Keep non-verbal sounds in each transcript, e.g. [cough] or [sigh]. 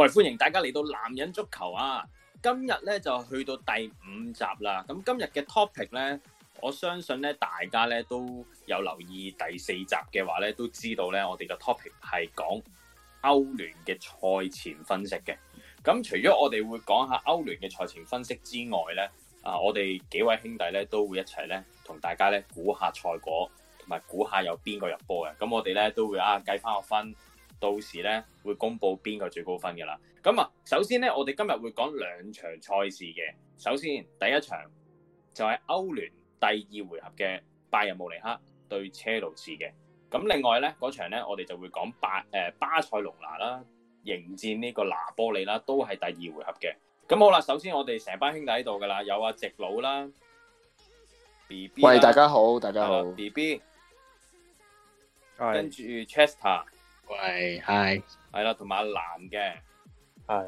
喂，歡迎大家嚟到男人足球啊！今日咧就去到第五集啦。咁今日嘅 topic 咧，我相信咧大家咧都有留意第四集嘅話咧，都知道咧我哋嘅 topic 係講歐聯嘅賽前分析嘅。咁除咗我哋會講下歐聯嘅賽前分析之外咧，啊我哋幾位兄弟咧都會一齊咧同大家咧估下賽果，同埋估下有邊個入波嘅。咁我哋咧都會啊計翻個分。到時咧會公布邊個最高分嘅啦。咁啊，首先咧，我哋今日會講兩場賽事嘅。首先第一場就係歐聯第二回合嘅拜仁慕尼黑對車路士嘅。咁另外咧嗰場咧，我哋就會講巴誒、呃、巴塞隆拿啦，迎戰呢個拿玻里啦，都係第二回合嘅。咁好啦，首先我哋成班兄弟喺度噶啦，有阿直佬啦，B B，喂，大家好，大家好，B B，喂跟住 Chester。喂，Hi，係啦，同埋阿男嘅，係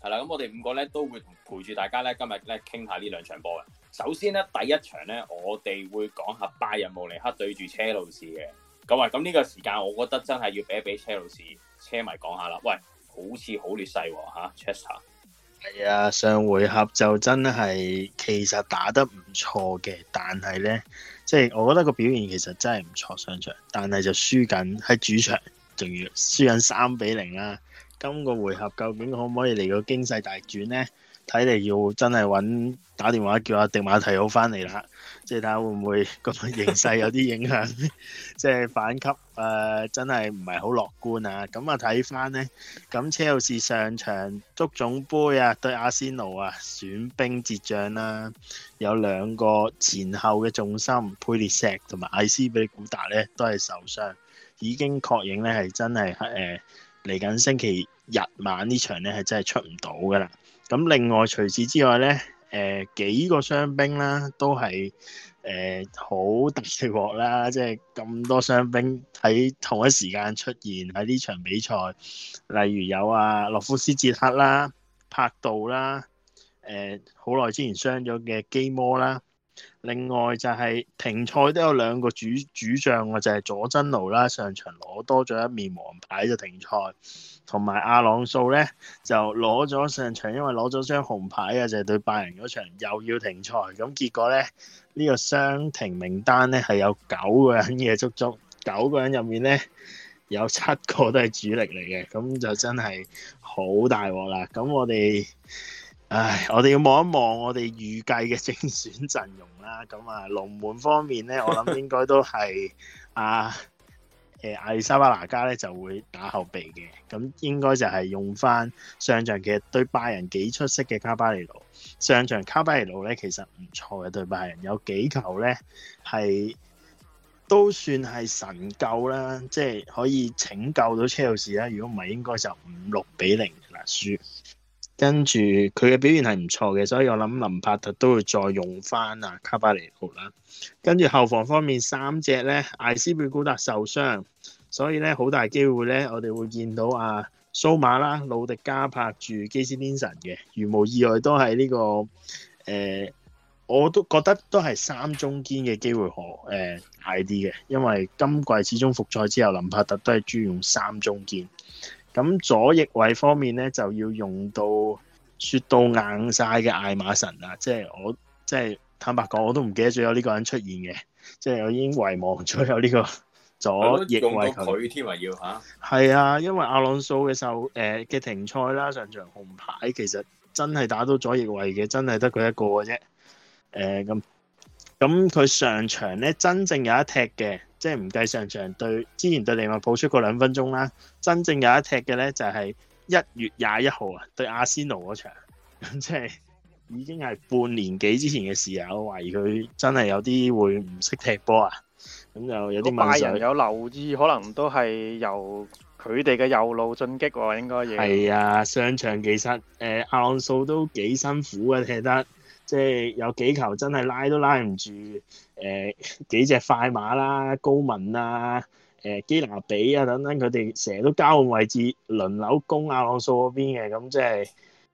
係啦，咁我哋五個咧都會陪住大家咧，今日咧傾下呢兩場波嘅。首先咧，第一場咧，我哋會講下拜仁慕尼克對住車路士嘅。咁啊，咁呢個時間我覺得真係要俾一俾車路士車迷講下啦。喂，好似好劣勢吓，啊，Chester，係啊，上回合就真係其實打得唔錯嘅，但係咧即係我覺得個表現其實真係唔錯，上場但係就輸緊喺主場輸緊三比零啦，啊，今個回合究竟可唔可以嚟個驚世大轉呢？睇嚟要真係揾打電話叫阿迪馬提奧翻嚟啦，即係睇下會唔會個形勢有啲影響， [laughs] 即係反擊誒、呃，真係唔係好樂觀啊！咁啊睇翻呢，咁車路士上場足總杯啊對阿仙奴啊損兵折將啦，有兩個前後嘅重心佩列石同埋艾斯比古達呢，都係受傷。已經確認咧，係真係誒嚟緊星期日晚呢場咧，係真係出唔到噶啦。咁另外除此之外咧，誒、呃、幾個傷兵啦，都係誒好大鑊啦，即係咁多傷兵喺同一時間出現喺呢場比賽，例如有啊，洛夫斯捷克啦、柏杜啦、誒好耐之前傷咗嘅基摩啦。另外就係停賽都有兩個主主將喎，就係、是、佐真奴啦，上場攞多咗一面黃牌就停賽，同埋阿朗素呢，就攞咗上場，因為攞咗張紅牌啊，就是、對拜仁嗰場又要停賽。咁結果呢，呢、這個雙停名單呢係有九個人嘅，足足九個人入面呢，有七個都係主力嚟嘅，咁就真係好大鑊啦。咁我哋～唉，我哋要望一望我哋預計嘅正選陣容啦。咁啊，龍門方面咧，我諗應該都係阿誒阿里沙巴拿加咧就會打後備嘅。咁應該就係用翻上場嘅對拜仁幾出色嘅卡巴列路。上場卡巴列路咧，其實唔錯嘅，對拜仁，有幾球咧係都算係神救啦，即係可以拯救到車路士啦。如果唔係，應該就五六比零啦，輸。跟住佢嘅表現係唔錯嘅，所以我諗林柏特都會再用翻啊卡巴尼好啦。跟住後防方面三隻呢，艾斯貝古達受傷，所以呢，好大機會呢，我哋會見到啊蘇馬啦、魯迪加拍住基斯甸臣嘅，如無意外都係呢個，呃，我都覺得都係三中堅嘅機會可誒大啲嘅，因為今季始終復賽之後，林柏特都係專用三中堅。咁左翼位方面咧，就要用到雪到硬曬嘅艾馬臣啊！即係我，即係坦白講，我都唔記得咗有呢個人出現嘅，即係我已經遺忘咗有呢個左翼位佢添啊！要下，係啊，因為阿朗素嘅受誒嘅停賽啦，上場紅牌，其實真係打到左翼位嘅，真係得佢一個嘅啫。咁、呃，咁佢上場咧真正有一踢嘅。即係唔計上場對之前對利物浦出過兩分鐘啦，真正有一踢嘅咧就係一月廿一號啊，對阿仙奴嗰場，即係已經係半年幾之前嘅事啊！我懷疑佢真係有啲會唔識踢波啊，咁就有啲問題。有留意，可能都係由佢哋嘅右路進擊喎，應該。係啊，上場其實誒阿朗素都幾辛苦嘅、啊，踢得。即係有幾球真係拉都拉唔住，誒、呃、幾隻快馬啦、高文啊、誒、呃、基拿比啊等等，佢哋成日都交換位置輪流攻阿朗素嗰邊嘅，咁、嗯、即係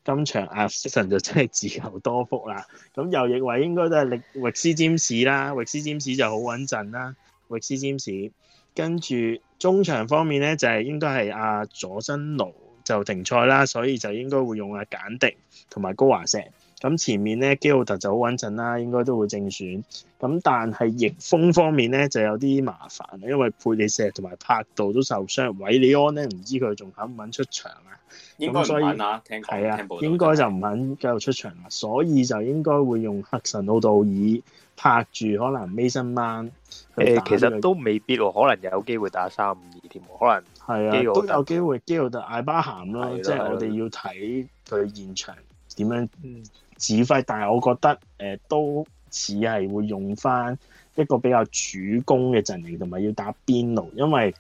今場阿斯神就真係自求多福啦。咁、嗯、 [laughs] 右翼位應該都係力域斯詹士啦，域斯詹士就好穩陣啦，域斯詹士。跟住中場方面咧，就係、是、應該係阿、啊、佐真奴就停賽啦，所以就應該會用阿、啊、簡迪同埋高華石。咁前面咧，基奧特就好穩陣啦，應該都會正選。咁但係逆風方面咧，就有啲麻煩，因為佩利錫同埋柏度都受傷，韋利安咧唔知佢仲肯唔肯出場啊？應該唔肯啦，聽講。係啊，的應該就唔肯繼續出場啦，的所以就應該會用黑神奧道爾拍住，可能 Mason Man 誒、這個呃，其實都未必喎，可能有機會打三五二添，可能係啊，的都有機會。基奧特艾巴咸啦，即係的我哋要睇佢現場點樣。嗯指揮，但係我覺得誒、呃、都似係會用翻一個比較主攻嘅陣型，同埋要打邊路。因為誒、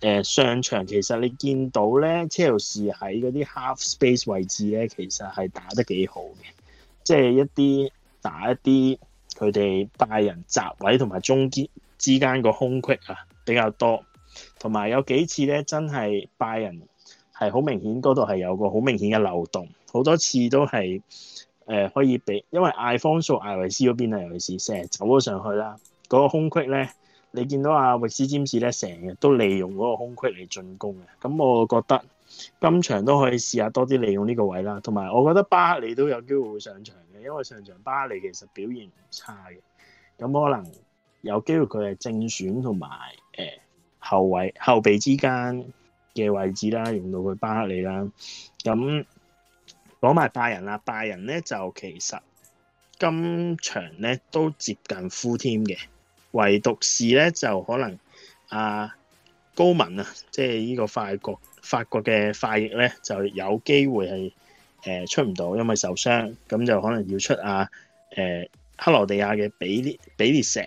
呃、上場其實你見到咧，車路士喺嗰啲 half space 位置咧，其實係打得幾好嘅，即、就、係、是、一啲打一啲佢哋拜仁閘位同埋中堅之間個空隙啊，比較多。同埋有，有幾次咧，真係拜仁係好明顯嗰度係有個好明顯嘅漏洞，好多次都係。誒、呃、可以俾，因為艾方素艾維斯嗰邊啊，尤其是成日走咗上去啦，嗰、那個空隙咧，你見到阿、啊、域斯詹士斯咧，成日都利用嗰個空隙嚟進攻嘅。咁我覺得今場都可以試下多啲利用呢個位啦。同埋我覺得巴克利都有機會，會上場嘅，因為上場巴克利其實表現唔差嘅。咁可能有機會佢係正選同埋誒後位後備之間嘅位置啦，用到佢巴克利啦。咁。講埋拜仁啦，拜仁咧就其實今場咧都接近 full team 嘅，唯獨是咧就可能阿、啊、高文啊，即係呢個法國法國嘅快翼咧就有機會係誒、呃、出唔到，因為受傷，咁就可能要出阿、啊、誒、呃、克羅地亞嘅比利比列石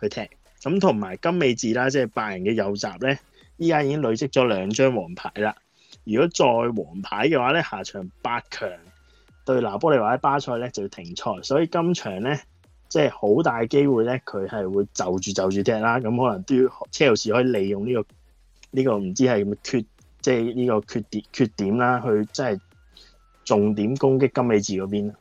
去踢，咁同埋金美治啦，即係拜仁嘅右閘咧，依家已經累積咗兩張黃牌啦。如果再黃牌嘅話咧，下場八強對拿玻里或者巴塞咧就要停賽，所以今場咧即係好大機會咧，佢係會就住就住踢啦。咁可能都要車路士可以利用呢個呢個唔知係缺即係呢個缺點缺點啦，去即係重點攻擊金美治嗰邊。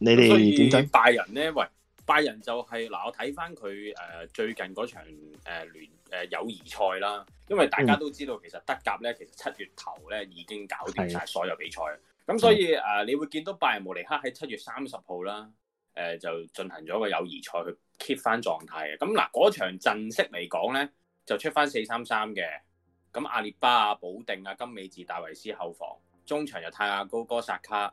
你哋點睇？所以拜仁咧，喂。拜仁就係，是，嗱，我睇翻佢誒最近嗰場誒聯、友誼賽啦，因為大家都知道其實德甲咧，其實七月頭咧已經搞掂晒所有比賽，咁的所以誒，你會見到拜仁慕尼黑喺七月三十號啦，誒就進行咗個友誼賽去 keep 翻狀態嘅。咁嗱，嗰場陣式嚟講咧，就出翻四三三嘅，咁阿列巴啊、保定啊、金美治、戴維斯後防，中場就泰亞高哥薩卡。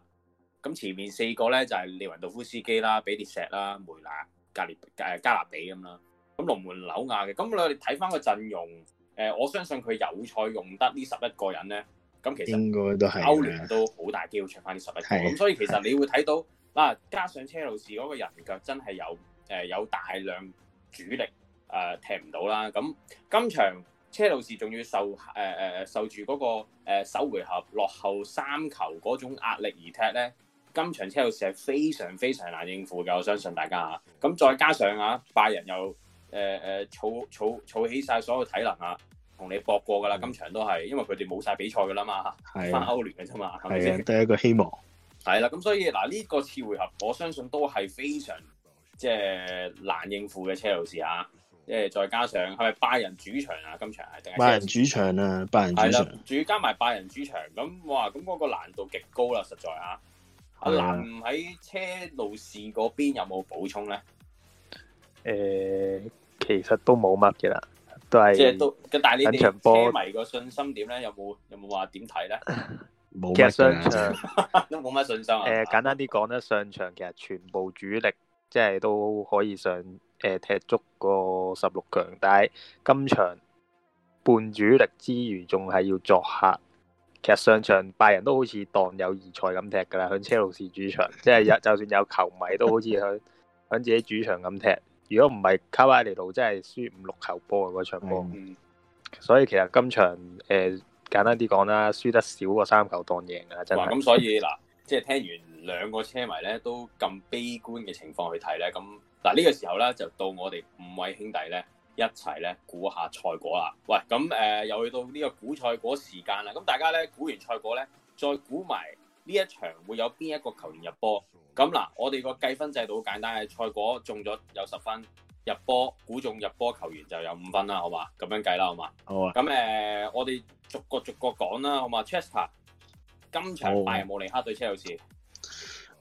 咁前面四個咧就係利雲道夫斯基啦、比利石啦、梅拿、格列誒加拿比咁啦。咁龍門紐亞嘅。咁我哋睇翻個陣容誒，我相信佢有賽用得呢十一個人咧。咁其實應該都係歐聯都好大機會出翻呢十一個人。咁所以其實你會睇到的啊，加上車路士嗰個人腳真係有誒有大量主力誒、呃、踢唔到啦。咁今場車路士仲要受誒誒、呃、受住嗰、嗰個首、呃、回合落後三球嗰種壓力而踢咧。今場車路士係非常非常難應付嘅，我相信大家吓。咁再加上啊，拜仁又誒誒，儲儲儲起晒所有體能啊，同你搏過噶啦。今場都係，因為佢哋冇晒比賽噶啦嘛，翻歐聯嘅啫嘛，係咪第一個希望？係啦，咁所以嗱呢個次回合，我相信都係非常即係難應付嘅車路士吓。即係再加上係咪拜仁主場啊？今場定係拜仁主場啊？拜仁主場啊！拜仁主場。係仲要加埋拜仁主場，咁哇，咁嗰個難度極高啦，實在啊！嗯、阿南喺車路士嗰邊有冇補充咧？誒，其實都冇乜嘅啦，都係即係都咁，但係你哋波迷個信心點咧？有冇有冇話點睇咧？冇，的其實上場，嗯、都冇乜信心啊。誒，簡單啲講咧，上場其實全部主力即係都可以上誒、呃、踢足個十六強，但係今場半主力之餘仲係要作客。其實上場拜仁都好似當友誼賽咁踢噶啦，響車路士主場，即係有就算有球迷都好似響響自己主場咁踢。如果唔係卡瓦尼路真係輸五六球波嗰場波。嗯、所以其實今場誒、呃、簡單啲講啦，輸得少過三球當贏噶啦。哇！咁所以嗱，即係聽完兩個車迷咧都咁悲觀嘅情況去睇咧，咁嗱呢個時候咧就到我哋五位兄弟咧。一齊咧估下賽果啦！喂，咁誒、呃、又去到呢個估賽果時間啦！咁大家咧估完賽果咧，再估埋呢一場會有邊一個球員入波。咁嗱，我哋個計分制度好簡單嘅，賽果中咗有十分，入波估中入波球,球員就有五分啦，好嘛？咁樣計啦，好嘛？好啊！咁誒、呃，我哋逐個逐個講啦，好嘛？Chester 今場拜仁慕尼黑對車路士，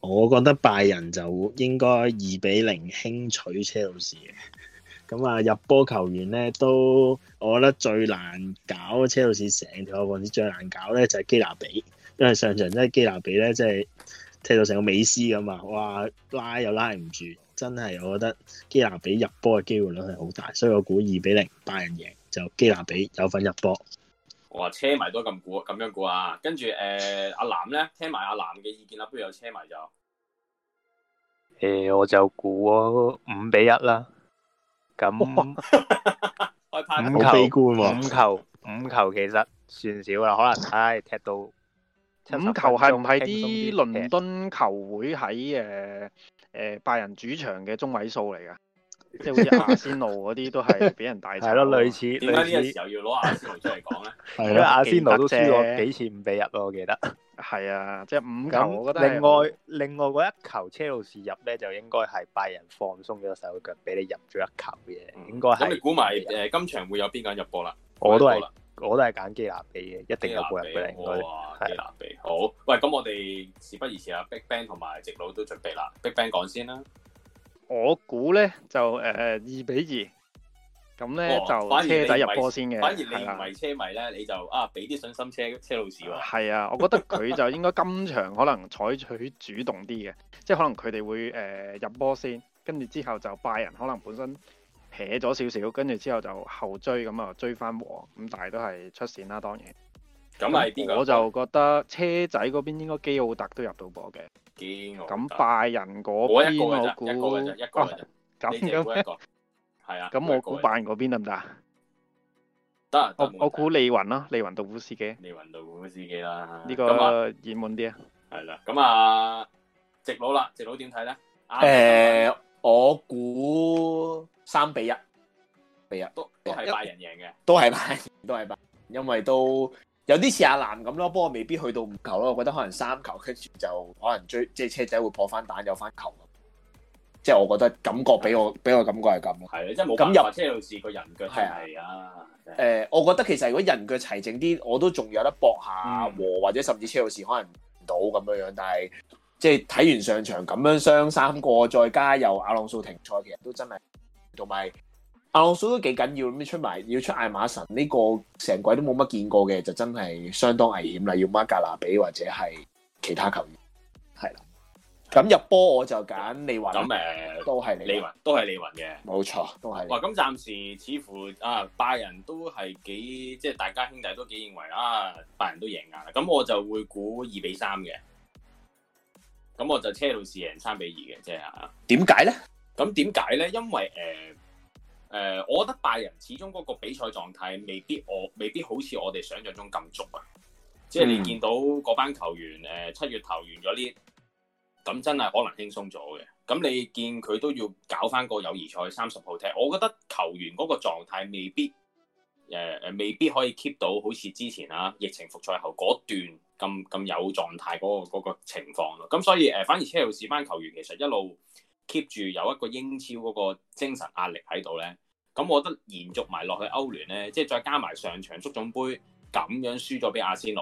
我覺得拜仁就應該二比零輕取車路士。咁啊，入波球，球員咧都我，我覺得最難搞，車路士成條後防最難搞咧就係、是、基拿比，因為上場納真係基拿比咧，即係踢到成個美斯咁啊！哇，拉又拉唔住，真係我覺得基拿比入波嘅機會率係好大，所以我估二比零，拜仁贏就基拿比有份入波。我啊，車迷都咁估，咁樣估啊！跟住誒、呃，阿南咧，聽埋阿南嘅意見啊，不如有車迷就誒、欸，我就估啊，五比一啦。咁五球哇、啊、五球五球，五球其實算少啦，可能唉、哎、踢到五球係唔係啲倫敦球會喺誒誒拜仁主場嘅中位數嚟噶 [laughs] 即係好似阿仙奴嗰啲都係俾人大。係咯， [laughs] 類似類似。點解呢個時候要攞阿仙奴出嚟講咧？ [laughs] 了阿仙奴都輸過幾次唔俾入咯，我記得。係啊，即係五球。我覺得另外另外嗰一球車路士入咧，就應該係拜仁放鬆咗手腳，俾你入咗一球嘅。應該係咁，你估埋誒今場會有邊個人入波啦？我都係，我都係揀基拿比嘅，一定有波入嘅。應該基拿比好。喂，咁我哋事不宜遲啊！Big Bang 同埋直佬都準備啦。Big Bang 講先啦。我估咧就誒二比二。咁咧就車仔入波先嘅，反而你唔係車迷咧，你就啊俾啲信心車車路士喎。係啊，我覺得佢就應該今場可能採取主動啲嘅，即係可能佢哋會誒入波先，跟住之後就拜仁可能本身撇咗少少，跟住之後就後追咁啊追翻和，咁但係都係出線啦，當然。咁咪我就覺得車仔嗰邊應該基奧特都入到波嘅。基奧特。咁拜仁嗰邊我估一個啫，咁嘅。係啊，咁我估拜仁嗰邊得唔得？啊？得，我我估利雲啦，利雲度夫斯基，利雲度夫斯基啦，呢個熱門啲啊，係啦，咁啊，直佬啦，直佬點睇咧？誒、嗯，啊、我估三比一，比一都都係拜仁贏嘅，都係拜，都係拜，因為都有啲似阿南咁咯，不過未必去到五球咯，我覺得可能三球跟住就可能追，即、就、係、是、車仔會破翻蛋，有翻球。即係我覺得感覺俾我俾我感覺係咁。係啊，即係冇咁入車路士個人腳係啊。誒、呃，我覺得其實如果人腳齊整啲，我都仲有得搏下、嗯、和，或者甚至車路士可能唔到咁樣樣。但係即係睇完上場咁樣雙三個，再加又阿朗素停賽，其實都真係同埋阿朗素都幾緊要。咁出埋要出艾馬神呢個成季都冇乜見過嘅，就真係相當危險啦。要孖格拿比或者係其他球員，係啦。咁入波我就揀李雲，咁誒、呃、都係李雲，都係李雲嘅，冇錯，都係。哇！咁暫時似乎啊拜仁都係幾，即係大家兄弟都幾認為啊拜仁都贏硬啦。咁我就會估二比三嘅，咁我就車路士贏三比二嘅，即係啊。點解咧？咁點解咧？因為誒誒、呃呃，我覺得拜仁始終嗰個比賽狀態未必我未必好似我哋想象中咁足啊。嗯、即係你見到嗰班球員誒七、呃、月頭完咗呢？咁真係可能輕鬆咗嘅，咁你見佢都要搞返個友誼賽三十號踢，我覺得球員嗰個狀態未必，誒、呃、誒未必可以 keep 到好似之前啦、啊，疫情復賽後嗰段咁咁有狀態嗰、嗰個嗰個情況咯。咁所以誒、呃，反而車路士班球員其實一路 keep 住有一個英超嗰個精神壓力喺度咧。咁我覺得延續埋落去歐聯咧，即係再加埋上，上場足總杯咁樣輸咗俾阿仙奴，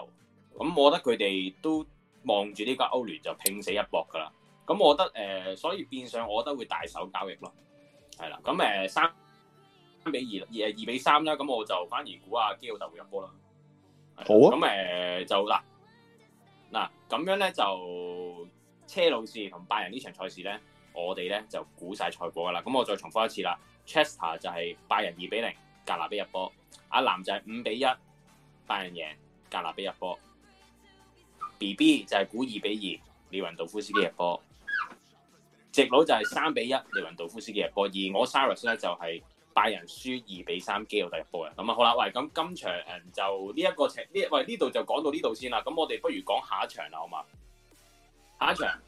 咁我覺得佢哋都，望住呢個歐聯就拼死一搏噶啦，咁我覺得誒、呃，所以變相我覺得會大手交易咯，係啦，咁誒三三比二，二誒二比三啦，咁我就反而估阿基老豆會入波啦，好啊，咁誒、嗯呃、就嗱嗱咁樣咧就車路士同拜仁場賽呢場賽事咧，我哋咧就估晒賽果噶啦，咁我再重複一次啦，Chester 就係拜仁二比零，格納比入波，阿南就係五比，比一，拜仁贏，格納比入波。B B 就係估二比二，利雲道夫斯基入波；直佬就係三比一，利雲道夫斯基入波。而我 Cyrus 咧就係拜仁輸二比三，基奧第一波嘅咁啊。好啦，喂，咁今場誒就呢、這、一個請呢喂呢度就講到呢度先啦。咁我哋不如講下一場啦，好嘛？下一場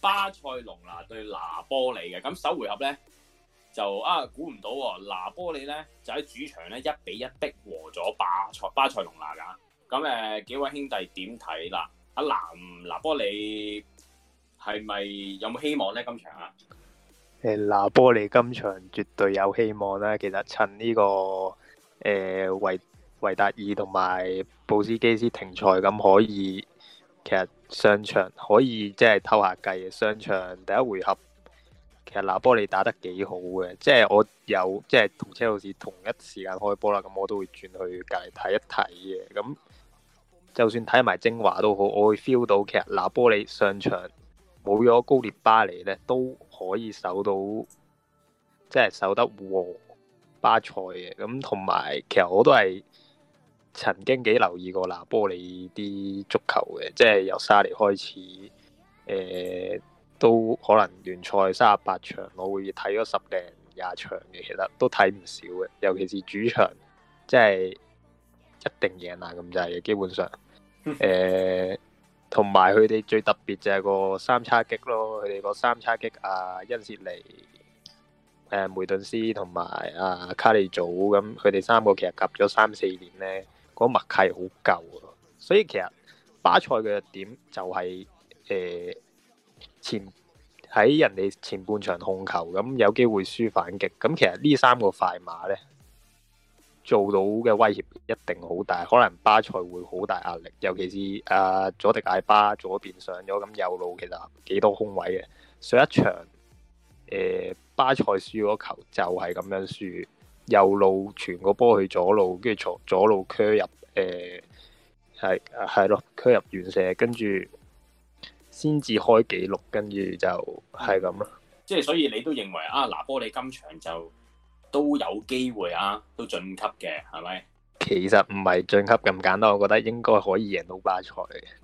巴塞隆拿對拿玻里嘅，咁首回合咧就啊估唔到喎、哦，拿玻里咧就喺主場咧一比一逼和咗巴塞巴塞隆拿噶，咁誒幾位兄弟點睇啦？南，拿玻里係咪有冇希望呢？今場啊？誒、嗯，拿玻里今場絕對有希望啦。其實趁呢、這個誒維維達爾同埋布斯基斯停賽，咁可以其實上場可以即係偷下計。上場第一回合，其實拿玻里打得幾好嘅，即係我有即係同車路士同一時間開波啦，咁我都會轉去隔籬睇一睇嘅，咁。就算睇埋精華都好，我會 feel 到其實拿玻里上場冇咗高列巴尼呢，都可以守到即係守得和巴塞嘅。咁同埋其實我都係曾經幾留意過拿玻里啲足球嘅，即係由沙尼開始，誒、呃、都可能聯賽三十八場，我會睇咗十零廿場嘅，其實都睇唔少嘅，尤其是主場，即係。一定贏難咁就嘅，基本上，誒、呃，同埋佢哋最特別就係個三叉戟咯，佢哋個三叉戟啊，恩切尼，誒、啊、梅頓斯同埋啊卡利祖，咁佢哋三個其實夾咗三四年呢，嗰、那個、默契好夠，所以其實巴塞嘅一點就係、是、誒、呃、前喺人哋前半場控球，咁有機會輸反擊，咁其實呢三個快馬呢。做到嘅威脅一定好大，可能巴塞會好大壓力，尤其是阿佐、呃、迪艾巴左邊上咗，咁右路其實幾多空位嘅。上一場誒、呃、巴塞輸嗰球就係咁樣輸，右路傳個波去左路，跟住左左路 c 入誒係係咯 c 入完射，跟住先至開紀錄，跟住就係咁啦。即係所以你都認為啊，拿玻里今場就？都有機會啊，都晉級嘅，係咪？其實唔係晉級咁簡單，我覺得應該可以贏到巴塞。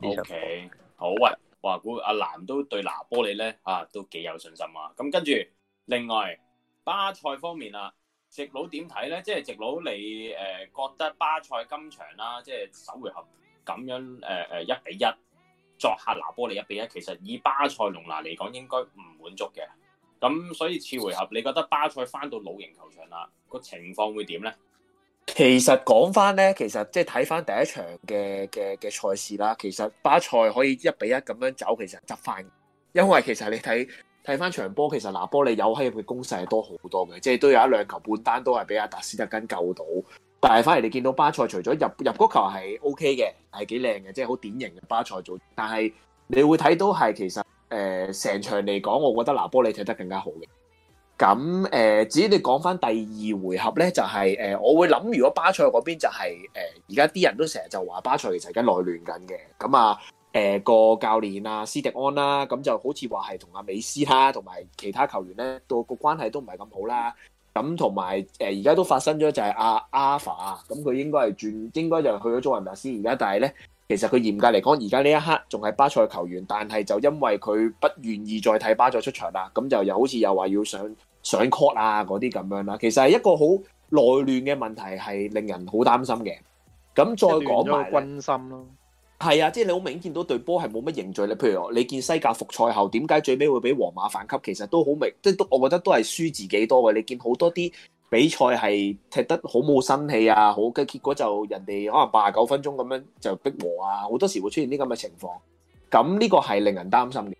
OK，好啊，哇！估阿南都對拿玻里咧啊，都幾有信心啊。咁跟住另外巴塞方面啦，直佬點睇咧？即係直佬你誒覺得巴塞今場啦，即係首回合咁樣誒誒一比一作客拿玻里一比一，其實以巴塞隆拿嚟講應該唔滿足嘅。咁所以次回合你覺得巴塞翻到老型球場啦，個情況會點咧？其實講翻咧，其實即係睇翻第一場嘅嘅嘅賽事啦。其實巴塞可以一比一咁樣走，其實執翻。因為其實你睇睇翻場波，其實拿波利有嘿嘅攻勢係多好多嘅，即係都有一兩球半單都係俾阿達斯德根救到。但係反而你見到巴塞除咗入入嗰球係 O K 嘅，係幾靚嘅，即係好典型嘅巴塞做。但係你會睇到係其實。誒成、呃、場嚟講，我覺得拿玻里睇得更加好嘅。咁誒、呃，至於你講翻第二回合咧，就係、是、誒、呃，我會諗如果巴塞嗰邊就係、是、誒，而家啲人都成日就話巴塞其實而家內亂緊嘅。咁啊誒個教練啊，斯迪安啦、啊，咁就好似話係同阿美斯哈同埋其他球員咧，個個關係都唔係咁好啦。咁同埋誒，而家都發生咗就係阿阿法，咁佢應該係轉，應該就係去咗祖雲達斯而家，但係咧。其實佢嚴格嚟講，而家呢一刻仲係巴塞球員，但係就因為佢不願意再睇巴塞出場啦，咁就又好似又話要上上 court 啊嗰啲咁樣啦。其實係一個好內亂嘅問題，係令人好擔心嘅。咁再講下軍心咯，係啊，即係你好明顯見到對波係冇乜凝聚力。譬如你見西甲複賽後，點解最尾會俾皇馬反級？其實都好明顯，即係都我覺得都係輸自己多嘅。你見好多啲。比賽係踢得好冇新氣啊，好嘅結果就人哋可能八十九分鐘咁樣就逼和啊，好多時會出現啲咁嘅情況，咁呢個係令人擔心嘅。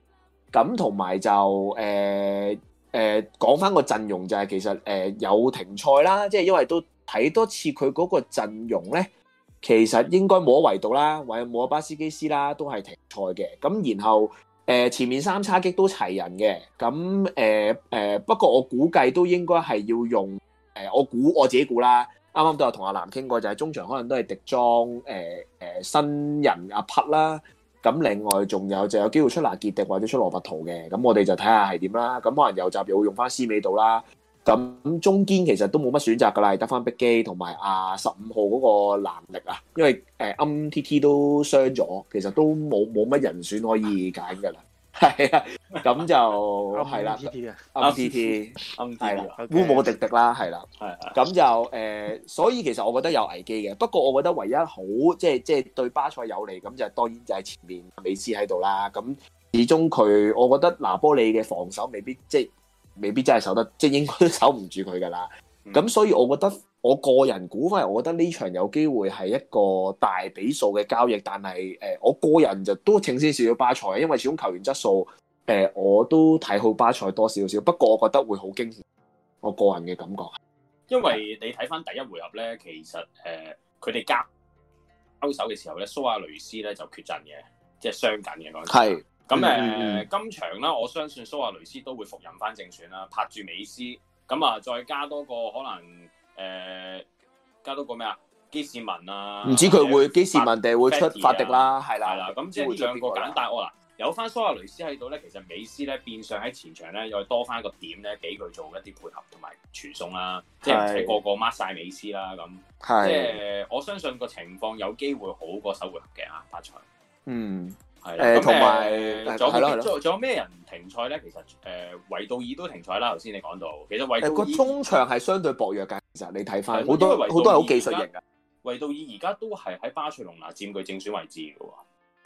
咁同埋就誒誒、呃呃、講翻個陣容就係、是、其實誒、呃、有停賽啦，即係因為都睇多次佢嗰個陣容咧，其實應該摩維度啦，或者摩巴斯基斯啦都係停賽嘅。咁然後誒、呃、前面三叉戟都齊人嘅，咁誒、呃呃、不過我估計都應該係要用。誒、呃，我估我自己估啦，啱啱都有同阿南傾過，就係、是、中場可能都係迪莊、誒、呃、誒、呃、新人阿匹啦，咁、啊、另外仲有就有機會出拿傑迪或者出羅拔圖嘅，咁我哋就睇下係點啦，咁可能有集又會用翻思美度啦，咁中堅其實都冇乜選擇㗎啦，得翻碧基同埋阿十五號嗰個藍力啊，因為誒 M T T 都傷咗，其實都冇冇乜人選可以揀㗎啦。係啊，咁就係啦，NPT 嘅，NPT，係啦，烏姆迪迪啦，係啦，係，咁就誒，所以其實我覺得有危機嘅，不過我覺得唯一好，即係即係對巴塞有利，咁就當然就係前面美斯喺度啦，咁始終佢，我覺得拿波利嘅防守未必即係，未必真係守得，即係應該都守唔住佢噶啦，咁所以我覺得。我個人估翻，我覺得呢場有機會係一個大比數嘅交易，但係誒、呃，我個人就都情先少少巴塞，因為始終球員質素誒、呃，我都睇好巴塞多少少。不過我覺得會好驚險，我個人嘅感覺。因為你睇翻第一回合呢，其實誒，佢、呃、哋加勾手嘅時候呢，蘇亞雷斯呢就缺陣嘅，即係傷緊嘅嗰陣。咁誒，今場呢，我相信蘇亞雷斯都會復任翻正選啦，拍住美斯，咁啊再加多個可能。誒加多個咩啊？基士文啊，唔知佢會基士文定會出法迪啦，係啦。係啦，咁即係呢兩個簡單喎啦。有翻蘇亞雷斯喺度咧，其實美斯咧變相喺前場咧又多翻一個點咧，俾佢做一啲配合同埋傳送啦，即係唔使個個抹晒美斯啦。咁係即係我相信個情況有機會好過首回合嘅啊，八場。嗯，係誒，同埋仲有咩人停賽咧？其實誒，維道爾都停賽啦。頭先你講到，其實維個中場係相對薄弱嘅。其實你睇翻好多好多係好技術型噶，維杜爾而家都係喺巴塞隆拿佔據正選位置噶喎。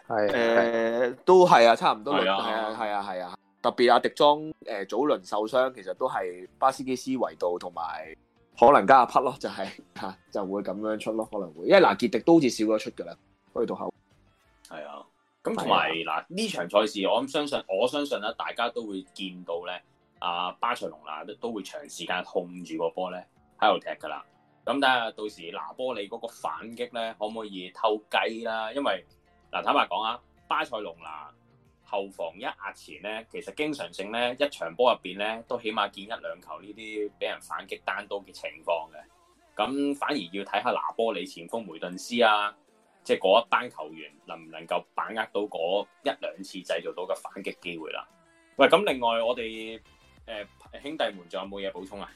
係誒，都係啊，差唔多輪係啊，係啊，係啊。特別阿迪裝誒，早輪受傷，其實都係巴斯基斯維杜同埋可能加阿匹咯，就係吓就會咁樣出咯，可能會。因為嗱，傑迪都好似少咗出噶啦，可以到後面。係啊，咁同埋嗱呢場賽事，我相信，我相信咧，大家都會見到咧，阿巴塞隆拿都會長時間控住個波咧。喺度踢噶啦，咁睇下到時拿波里嗰個反擊咧，可唔可以偷雞啦？因為嗱坦白講啊，巴塞隆拿後防一壓前咧，其實經常性咧一場波入邊咧，都起碼見一兩球呢啲俾人反擊單刀嘅情況嘅。咁反而要睇下拿波里前鋒梅頓斯啊，即係嗰一班球員能唔能夠把握到嗰一兩次製造到嘅反擊機會啦。喂，咁另外我哋誒兄弟們有有，仲有冇嘢補充啊？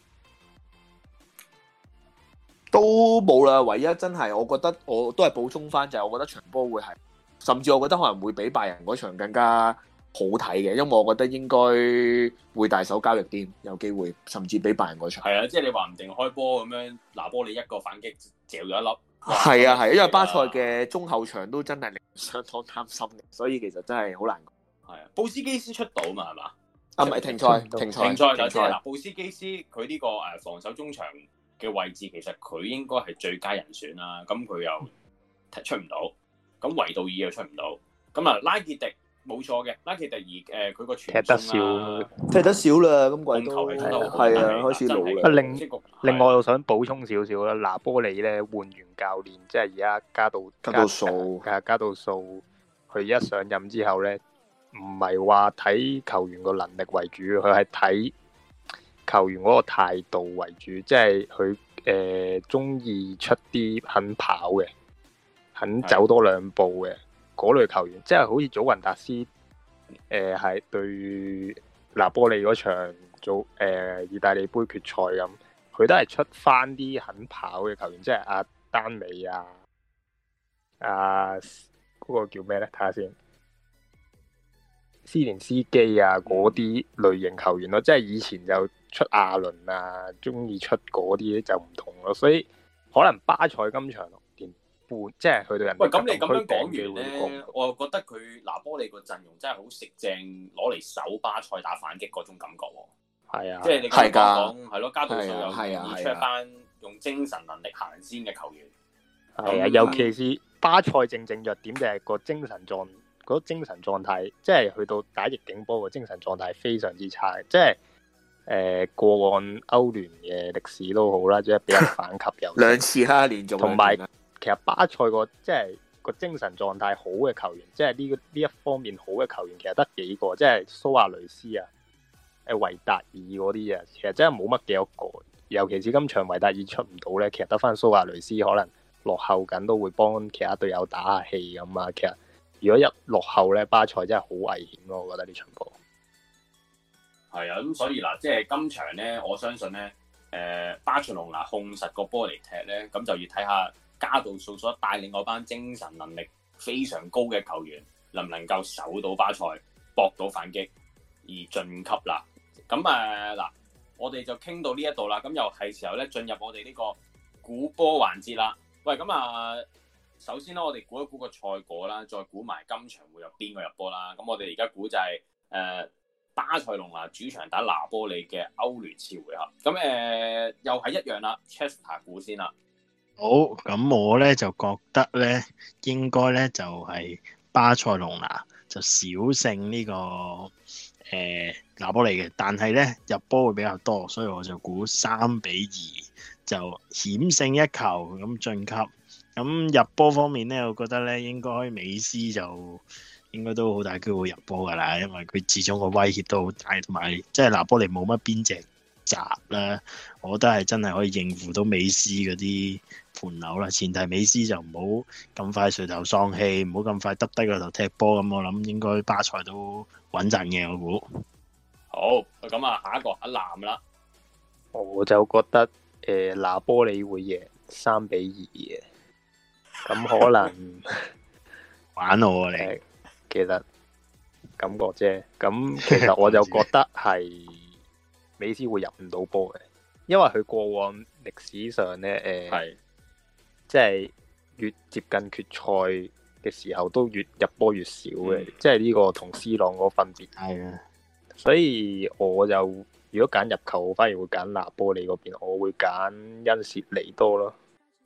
都冇啦，唯一真係，我覺得我都係補充翻，就係、是、我覺得場波會係，甚至我覺得可能會比拜仁嗰場更加好睇嘅，因為我覺得應該會大手交易啲，有機會，甚至比拜仁嗰場。係啊，即係你話唔定開波咁樣拿波，你一個反擊嚼咗一粒。係啊係、啊，因為巴塞嘅中後場都真係相當貪心嘅，所以其實真係好難講。係啊，布斯基斯出到啊嘛係嘛？啊唔係停賽停賽停賽就係賽賽、啊、布斯基斯佢呢個誒防守中場。嘅位置其實佢應該係最佳人選啦，咁佢又出唔到，咁維杜爾又出唔到，咁啊拉傑迪冇錯嘅，拉傑迪而誒佢個踢得少，踢得少啦，咁鬼都係啊，開始老啦。另另外我想補充少少啦，拿玻里咧換完教練，即係而家加到加到數，加加到數，佢一上任之後咧，唔係話睇球員個能力為主，佢係睇。球員嗰個態度為主，即係佢誒中意出啲肯跑嘅，肯走多兩步嘅嗰類球員，即係好似祖雲達斯誒，係、呃、對拿玻里嗰場做誒、呃、意大利杯決賽咁，佢都係出翻啲肯跑嘅球員，即係阿丹美啊，啊嗰個叫咩咧？睇下先，斯連斯基啊，嗰啲類型球員咯，嗯、即係以前就。出亞倫啊，中意出嗰啲就唔同咯，所以可能巴塞今場連半即係去到人。喂，咁你咁樣講完咧，我又覺得佢拿玻里個陣容真係好食正，攞嚟守巴塞打反擊嗰種感覺。係啊，即係你咁講，係咯的，加到上又而 c h 用精神能力行先嘅球員。係啊的、嗯，尤其是巴塞正正弱點就係個精神狀，嗰、那個、精神狀態、那個、即係去到打逆境波嘅精神狀態非常之差，即係。誒、呃、過往歐聯嘅歷史都好啦，即係俾人反擊有， [laughs] 有兩次哈連，仲同埋其實巴塞個即係個精神狀態好嘅球員，即係呢個呢一方面好嘅球員，其實得幾個，即係蘇亞雷斯啊、誒維達爾嗰啲啊，其實真係冇乜幾多個。尤其是今場維達爾出唔到咧，其實得翻蘇亞雷斯可能落後緊都會幫其他隊友打下氣咁啊。其實如果一落後咧，巴塞真係好危險咯，我覺得呢場波。係啊，咁所以嗱，即係今場咧，我相信咧，誒巴塞隆拿控實個波嚟踢咧，咁就要睇下加道素所帶領嗰班精神能力非常高嘅球員，能唔能夠守到巴塞，搏到反擊而晉級啦。咁誒嗱，我哋就傾到呢一度啦，咁又係時候咧進入我哋呢個估波環節啦。喂，咁啊，首先咧，我哋估一估個賽果啦，再估埋今場會有邊個入波啦。咁我哋而家估就係、是、誒。呃巴塞隆拿主場打拿波利嘅歐聯次回合，咁誒、呃、又係一樣啦。Chester 估先啦，好，咁我呢就覺得呢應該呢就係巴塞隆拿就小勝呢、這個誒拿、呃、波利嘅，但係呢入波會比較多，所以我就估三比二就險勝一球咁進級。咁入波方面呢，我覺得呢應該美斯就。應該都好大機會入波噶啦，因為佢始終個威脅都好大，同埋即係拿玻里冇乜邊隻閘啦，我覺得係真係可以應付到美斯嗰啲盤扭啦。前提美斯就唔好咁快垂頭喪氣，唔好咁快耷低個頭踢波咁。我諗應該巴塞都穩陣嘅，我估。好，咁啊，下一個阿南啦，我就覺得誒，拿、呃、玻里會贏三比二嘅，咁可能 [laughs] 玩我你。其實感覺啫，咁其實我就覺得係美斯會入唔到波嘅，因為佢過往歷史上呢，誒的，即係、呃就是、越接近決賽嘅時候都越入波越少嘅，嗯、即係呢個同 C 朗個分別係啊，的所以我就如果揀入球，反而會揀拿波利嗰邊，我會揀恩切尼多啦，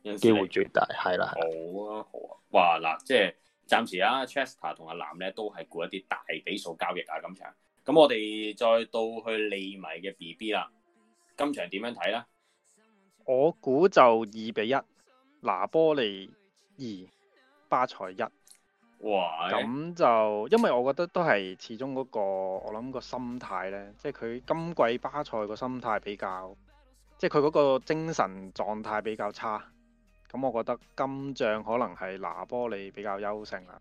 機西會最大係啦、啊，好啊好啊，話嗱即係。暫時啊，Chester 同阿南咧都係估一啲大比數交易啊，今場。咁我哋再到去利迷嘅 BB 啦，今場點樣睇咧？我估就二比一，拿波利二，巴塞一。哇！咁就因為我覺得都係始終嗰、那個，我諗個心態咧，即係佢今季巴塞個心態比較，即係佢嗰個精神狀態比較差。咁我覺得今仗可能係拿波利比較優勝啦、啊。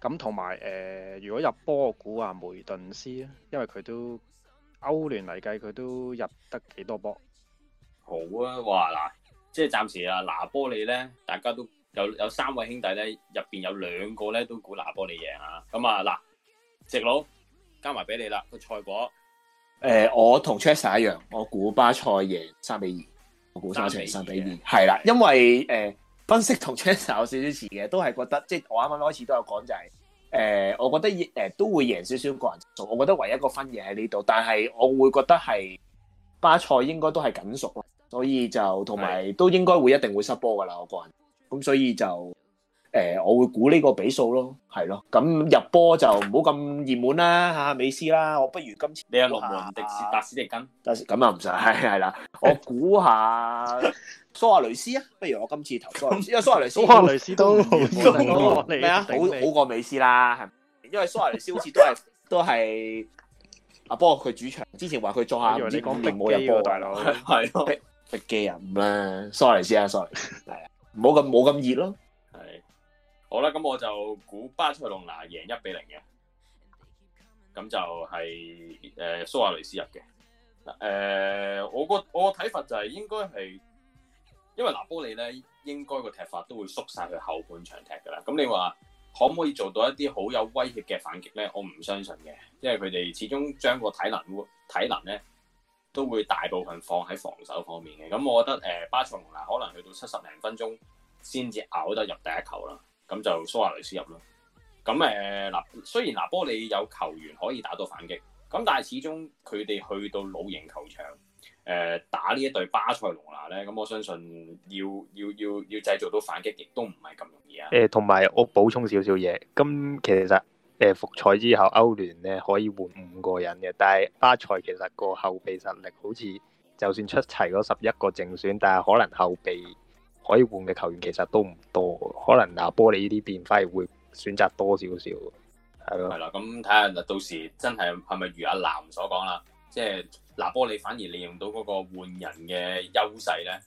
咁同埋誒，如果入波估啊，梅頓斯咧，因為佢都歐聯嚟計，佢都入得幾多波？好啊，哇嗱，即係暫時啊，拿波利咧，大家都有有三位兄弟咧，入邊有兩個咧都估拿波利贏啊。咁啊嗱，直佬加埋俾你啦個賽果。誒、呃，我同 Chester 一樣，我估巴塞贏三比二，三比二，係啦，因為誒分析同 Chester 有少少似嘅，都係覺得即係我啱啱開始都有講，就係，就係誒，我覺得誒、呃、都會贏少少個人數，我覺得唯一,一個分野喺呢度，但係我會覺得係巴塞應該都係緊縮啦，所以就同埋的都應該會一定會失波噶啦，我個人，咁所以就。誒，我會估呢個比數咯，係咯，咁入波就唔好咁熱門啦吓，美斯啦，我不如今次你又龍門迪斯達史迪根，咁又唔使係啦，我估下蘇亞雷斯啊，不如我今次投蘇亞，因為蘇亞雷斯蘇亞雷斯都好中啊，好好過美斯啦，因為蘇亞雷斯好似都係都係，不過佢主場之前話佢做下唔知講邊冇入波大佬，係咯，嘅人啦，蘇亞雷斯啊，sorry，係啊，冇咁冇咁熱咯。好啦，咁我就估巴塞隆拿贏一比零嘅，咁就係誒蘇亞雷斯入嘅。誒、呃，我個我個睇法就係應該係，因為拿玻里咧應該個踢法都會縮晒去後半場踢噶啦。咁你話可唔可以做到一啲好有威脅嘅反擊咧？我唔相信嘅，因為佢哋始終將個體能體能咧都會大部分放喺防守方面嘅。咁我覺得誒、呃、巴塞隆拿可能去到七十零分鐘先至咬得入第一球啦。咁就蘇亞雷斯入咯。咁誒嗱，雖然拿玻里有球員可以打到反擊，咁但係始終佢哋去到老營球場，誒、呃、打呢一隊巴塞隆拿咧，咁我相信要要要要製造到反擊，亦都唔係咁容易啊。誒、呃，同埋我補充少少嘢，咁其實誒、呃、復賽之後歐聯咧可以換五個人嘅，但係巴塞其實個後備實力好似就算出齊嗰十一個正選，但係可能後備。可以換嘅球員其實都唔多，可能拿波利呢啲變反而會選擇多少少，係咯。係啦，咁睇下到時真係係咪如阿南所講啦，即係拿波利反而利用到嗰個換人嘅優勢咧，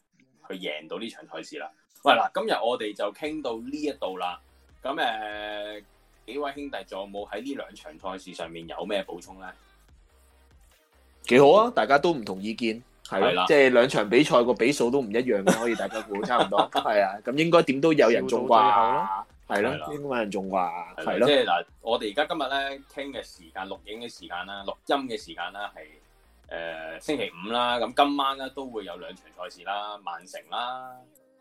去贏到呢場賽事啦。喂，嗱，今日我哋就傾到呢一度啦。咁誒，幾位兄弟仲有冇喺呢兩場賽事上面有咩補充咧？幾好啊！大家都唔同意見。係啦，即係兩場比賽個比數都唔一樣，可以大家估差唔多。係啊，咁應該點都有人中啩？係咯，應該有人中啩？係咯，即係嗱，我哋而家今日咧傾嘅時間、錄影嘅時間啦、錄音嘅時間啦，係誒星期五啦。咁今晚咧都會有兩場賽事啦，曼城啦，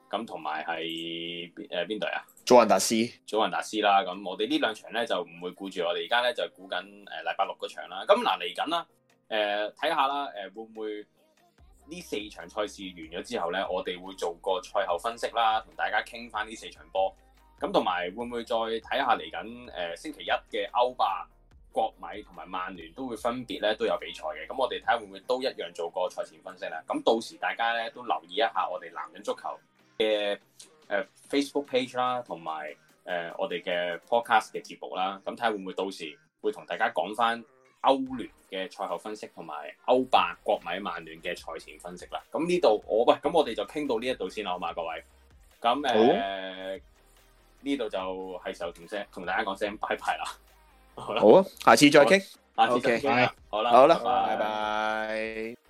咁同埋係誒邊隊啊？祖雲達斯，祖雲達斯啦。咁我哋呢兩場咧就唔會顧住，我哋而家咧就係估緊誒禮拜六嗰場啦。咁嗱嚟緊啦，誒睇下啦，誒會唔會？呢四場賽事完咗之後呢，我哋會做個賽後分析啦，同大家傾翻呢四場波。咁同埋會唔會再睇下嚟緊？誒、呃、星期一嘅歐霸、國米同埋曼聯都會分別咧都有比賽嘅。咁我哋睇下會唔會都一樣做個賽前分析啦。咁到時大家咧都留意一下我哋男人足球嘅 Facebook page 啦，同埋誒我哋嘅 Podcast 嘅節目啦。咁睇下會唔會到時會同大家講翻歐聯嘅賽後分析同埋歐霸國米曼聯嘅賽前分析啦，咁呢度我喂，咁我哋就傾到呢一度先啦，好嘛，各位，咁誒呢度就係時候點聲，同大家講聲拜拜啦，好啦，好啊、哦，下次再傾，下次再傾 Okay, 好啦，好啦，拜拜。